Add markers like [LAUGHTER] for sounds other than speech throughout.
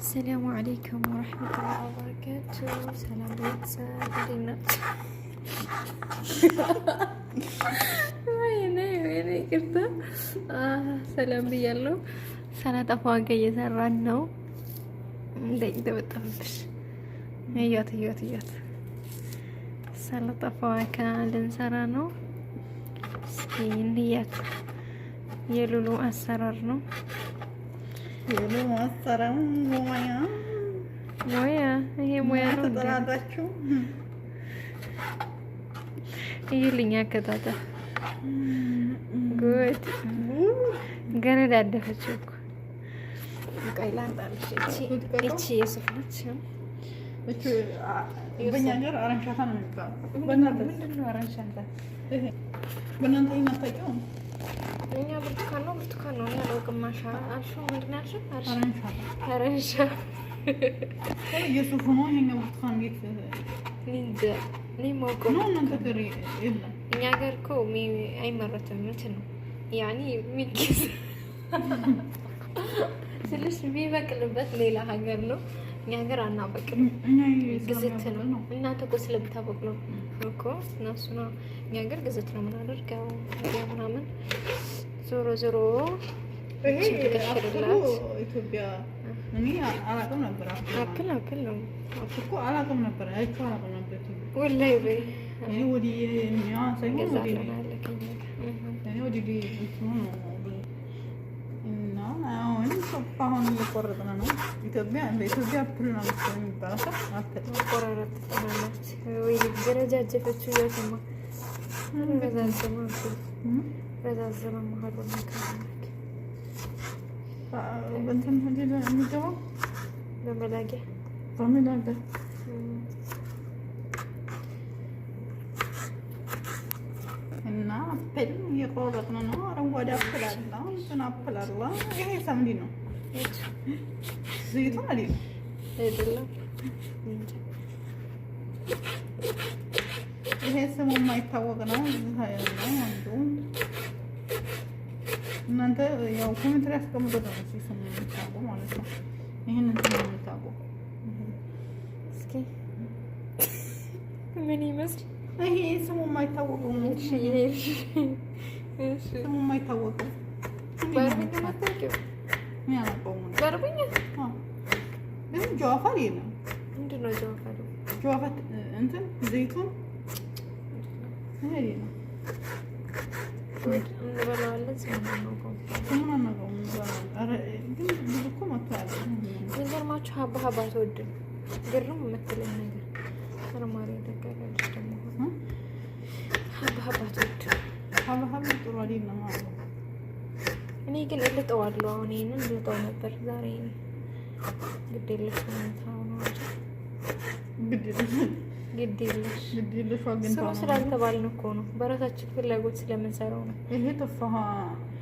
አሰላሙ አለይኩም ወረህመቱላሂ ወበረካቱ። ሰላም ቤተሰብ እንዴት ናችሁ? ወይኔ ይቅርታ ሰላም ብያለሁ። ሰላጣ ዋጋ እየሰራን ነው። እንደኝ ተበጠፈብሽ እያት እያት እያት ሰላጣ ዋጋ ልንሰራ ነው። እስኪ እንያት የሉሉ አሰራር ነው የመማሰረም ሞያ ሞያ ይሄ ሞያ ነው። ተጠላላችሁ ይልኛ አከታታ ጉድ ገረድ አደፈችው እኮ ይቺ የሱፍ ነች። በእኛ ሀገር አረንሻታ ነው የሚባለው። በእናንተ ምንድን ነው አረንሻታ? በእናንተ ይሄን አታውቂውም? እኛ ብርቱካን ነው ብርቱካን ነው ያለው። ግማሽ አርሾ ምንድን ያልሽው? አረንሻ የሱፉ ነው። ይሄኛው ብርቱካን ቤት እንጃ እኔ የማውቀው ነው። እናንተ ገር የለም። እኛ ገር እኮ አይመረትም። እንትን ነው ያኔ የሚገዛ ስልሽ [LAUGHS] የሚበቅልበት ሌላ ሀገር ነው። እኛ ሀገር አናበቅም፣ ግዝት ነው። እናንተ እኮ እኮ እነሱ ነው። እኛ ሀገር ግዝት ነው። ምን ምናምን ዞሮ ዞሮ ኢትዮጵያ እኔ አላውቅም ነበር። ነው ነው። አሁን አሁን እየቆረጥን ነው። ኢትዮጵያ እንደ ኢትዮጵያ አፕል ነው የሚባለው አፕል እየቆረጥን ነው። አረንጓዴ አፕል አለ፣ እንትን አፕል አለ። ይሄ ሰምዲ ነው ዘይቱ ማለት አይደለም። ይሄ ስሙ የማይታወቅ ነው። አንዱ እናንተ ያው ኮሜንትሪ ያስቀምጡ ነው ስሙ የሚታወቅ ማለት ነው። ይህን እንትን የሚታወቅ። እስኪ ምን ይመስል ይሄ ስሙ የማይታወቀው ነው። እሺ ስሙ የማይታወቀው ጀዋፈር የለም። ምንድን ነው ጀዋፈር? ጀዋፈር እንትን ዘይቱን የሚገርማችሁ ሀባ ሀባ ግርም የምትለኝ ነገር ሮሊን ነው ማለት እኔ ግን እልጠዋለሁ። አሁን ይሄንን ልጠው ነበር ዛሬ ግድ የለሽ ስሩ ስላልተባልን እኮ ነው። በራሳችን ፍላጎት ስለምንሰራው ነው። ይሄ ተፋሃ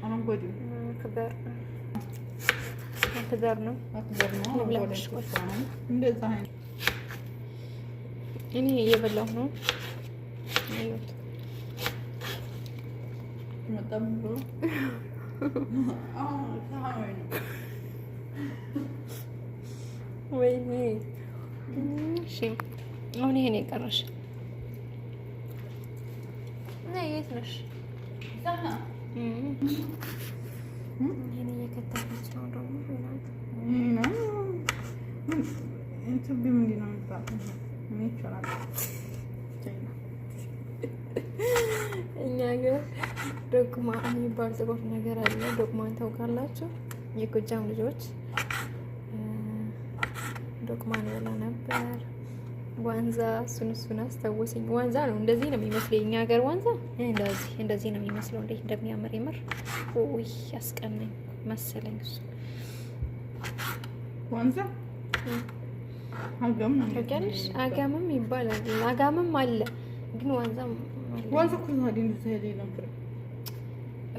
አረንጓዴ ክበር አክበር ነው። እኔ እየበላሁ ነው። ወይኔ እሺ፣ አሁን ይሄ ነው የቀረሽ። የት ነሽ? እኛ ግን ዶግማ የሚባል ጥቁር ነገር አለ። ዶግማን ታውቃላችሁ? የጎጃም ልጆች ዶግማን ብላ ነበር። ዋንዛ እሱን እሱን አስታወሰኝ። ዋንዛ ነው እንደዚህ ነው የሚመስለው የኛ ሀገር ዋንዛ እንደዚህ እንደዚህ ነው የሚመስለው። እንዴት እንደሚያምር የምር ውይ አስቀናኝ መሰለኝ እሱ ዋንዛ ታውቂያለሽ? አጋምም ይባላል። አጋምም አለ ግን ዋንዛ ዋንዛ ኩ ነበር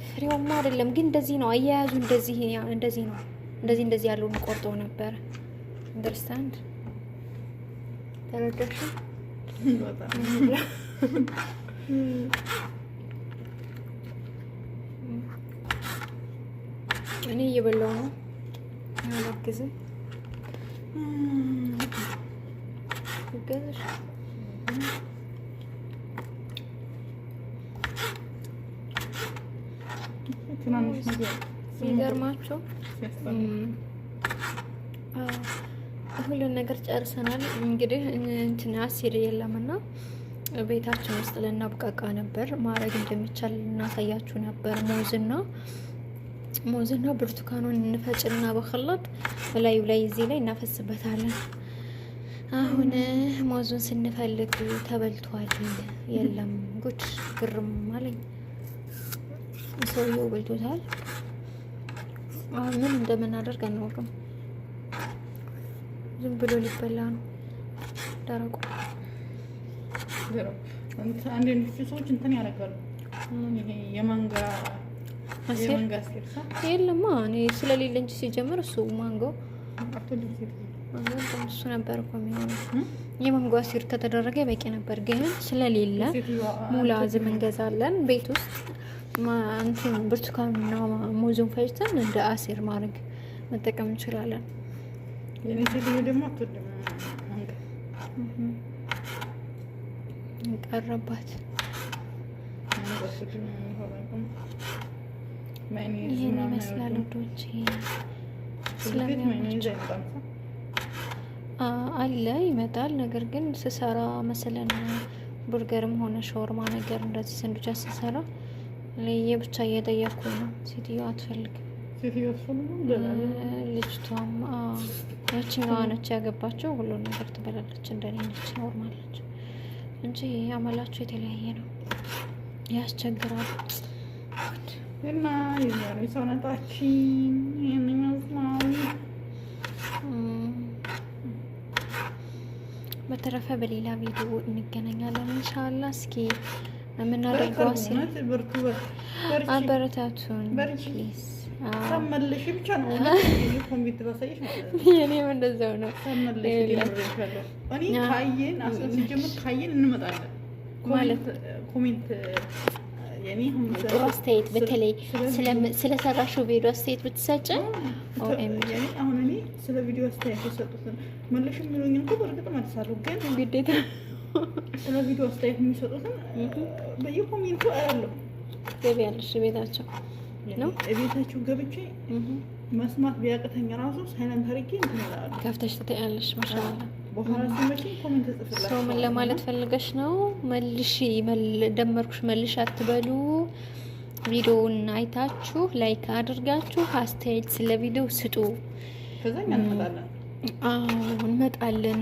ፍሬውማ አይደለም ግን እንደዚህ ነው አያያዙ። እንደዚህ እንደዚህ ነው እንደዚህ እንደዚህ ያለውን ቆርጦ ነበር። አንደርስታንድ ተረዳሽ? እኔ እየበላው ነው ያለግዝ ገዘሽ የሚገርማችሁ ሁሉን ነገር ጨርሰናል። እንግዲህ እንትን አሲር የለምና ቤታችን ውስጥ ልናብቃቃ ነበር። ማድረግ እንደሚቻል እናሳያችሁ ነበር። ሙዝና ሙዝና ብርቱካኑን እንፈጭና በክላት በላዩ ላይ እዚህ ላይ እናፈስበታለን። አሁን ሙዙን ስንፈልግ ተበልቷል። የለም ጉድ ግርም አለኝ። ሰውየው በልቶታል። አሁን ምን እንደምናደርግ አናውቅም። ዝም ብሎ ሊበላ ነው ደረቁ። አንዳንዶቹ ሰዎች እንትን የለማ እኔ ስለሌለ እንጂ ሲጀምር እሱ ማንጋው እሱ ነበር እኮ የሚሆነው። የማንጎ አሲር ከተደረገ በቂ ነበር፣ ግን ስለሌለ ሙላዝ እንገዛለን ቤት ውስጥ እንትን ብርቱካንና ሙዙን ፈጭተን እንደ አሴር ማድረግ መጠቀም እንችላለን። ቀረባት ይህን ይመስላል ዶች አለ ይመጣል። ነገር ግን ስሰራ መሰለን ቡርገርም ሆነ ሾርማ ነገር እንደዚህ ሰንዱቻ ስሰራ ለየ ብቻ እየጠየኩ ነው። ሴትዮዋ አትፈልግም። ልጅቷም ያችኛዋ ነች ያገባቸው ሁሉን ነገር ትበላለች። እንደኔ ነች ኖርማለች እንጂ አመላቸው የተለያየ ነው። ያስቸግራል። እና የዛሬ ሰውነታችን ይህን ይመስላል። በተረፈ በሌላ ቪዲዮ እንገናኛለን። እስኪ የምናደርገው አበረታቱን ፕሊዝ። ሳመለሽ ብቻ ነው ኮምፒውተር ማለት ነው። [LAUGHS] ነው። እኔ ካየን ሲጀምር ካየን እንመጣለን ማለት ኮሜንት ጥሩ አስተያየት በተለይ ስለሰራሽው ቪዲዮ አስተያየት ብትሰጭ አሁን እኔ ስለ ቪዲዮ አስተያየት የሰጡትን መለሽ የሚሉኝ እኮ በእርግጥ መልሳለሁ ግን ግዴታ ስለ ቪዲዮ አስተያየት የሚሰጡትም በየኮሜንቱ አያለሁ። ቤታቸው ነው ገብቼ መስማት ቢያቅተኝ ራሱ ሳይለንት አድርጌ ከፍተሽ ትታያለሽ። በኋላ ኮሜንት ሰው ምን ለማለት ፈልገሽ ነው? መልሽ ደመርኩሽ መልሽ አትበሉ። ቪዲዮውን አይታችሁ ላይክ አድርጋችሁ አስተያየት ስለ ቪዲዮ ስጡ። ከዛ እንመጣለን። አዎ እንመጣለን።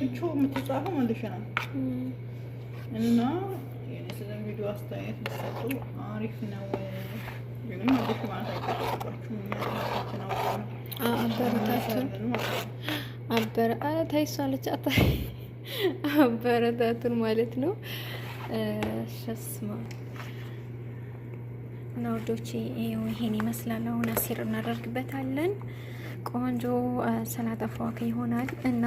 ምትቹ የምትጻፈው መልሽ ነው እና ስለ ቪዲዮ አስተያየት ሰጡ። አሪፍ ነው ግን መልሽ ማለት አይቀርባችሁም። አበረ ታይሷለች አበረታቱን ማለት ነው። ሸስማ እና ውዶች ይሄን ይመስላል። አሁን አሲር እናደርግበታለን። ቆንጆ ሰላጣ ፍዋክ ይሆናል እና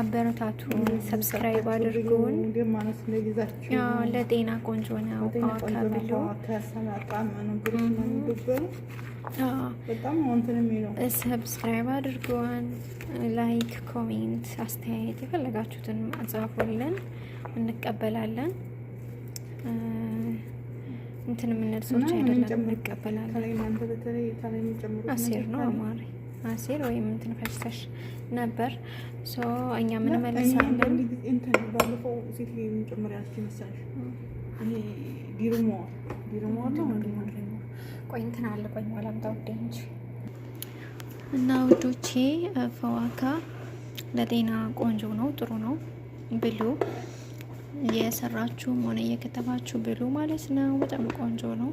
አበረታቱን፣ ሰብስክራይብ አድርጉን። ለጤና ቆንጆ ነው ሰብስክራይብ አድርጉን። ላይክ፣ ኮሜንት፣ አስተያየት የፈለጋችሁትን አጻፉልን፣ እንቀበላለን። እንትን የምንል ሰዎች አይደለም፣ እንቀበላለን። አሴር ነው አማሪ አሲር ወይም እንትን ነበር። እኛ ምንመልሳለን ባለፈው ሴት ቆይ እንትን አለ ቆይ ውዴ እንጂ እና ውዶቼ ፈዋካ ለጤና ቆንጆ ነው፣ ጥሩ ነው ብሉ። የሰራችሁም ሆነ እየከተባችሁ ብሉ ማለት ነው። በጣም ቆንጆ ነው።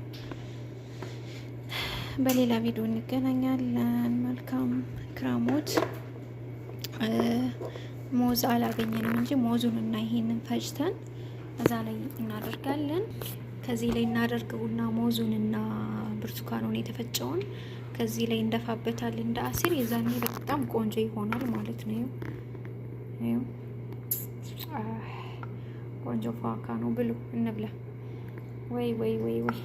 በሌላ ቪዲዮ እንገናኛለን። መልካም ክረሞት። ሞዝ አላገኘንም እንጂ ሞዙንና ይሄንን ፈጭተን እዛ ላይ እናደርጋለን። ከዚህ ላይ እናደርገውና ሞዙንና ብርቱካኑን የተፈጨውን ከዚህ ላይ እንደፋበታል እንደ አሲር። የዛኔ በጣም ቆንጆ ይሆናል ማለት ነው። ቆንጆ ፏካ ነው። ብሉ እንብላ። ወይ ወይ ወይ ወይ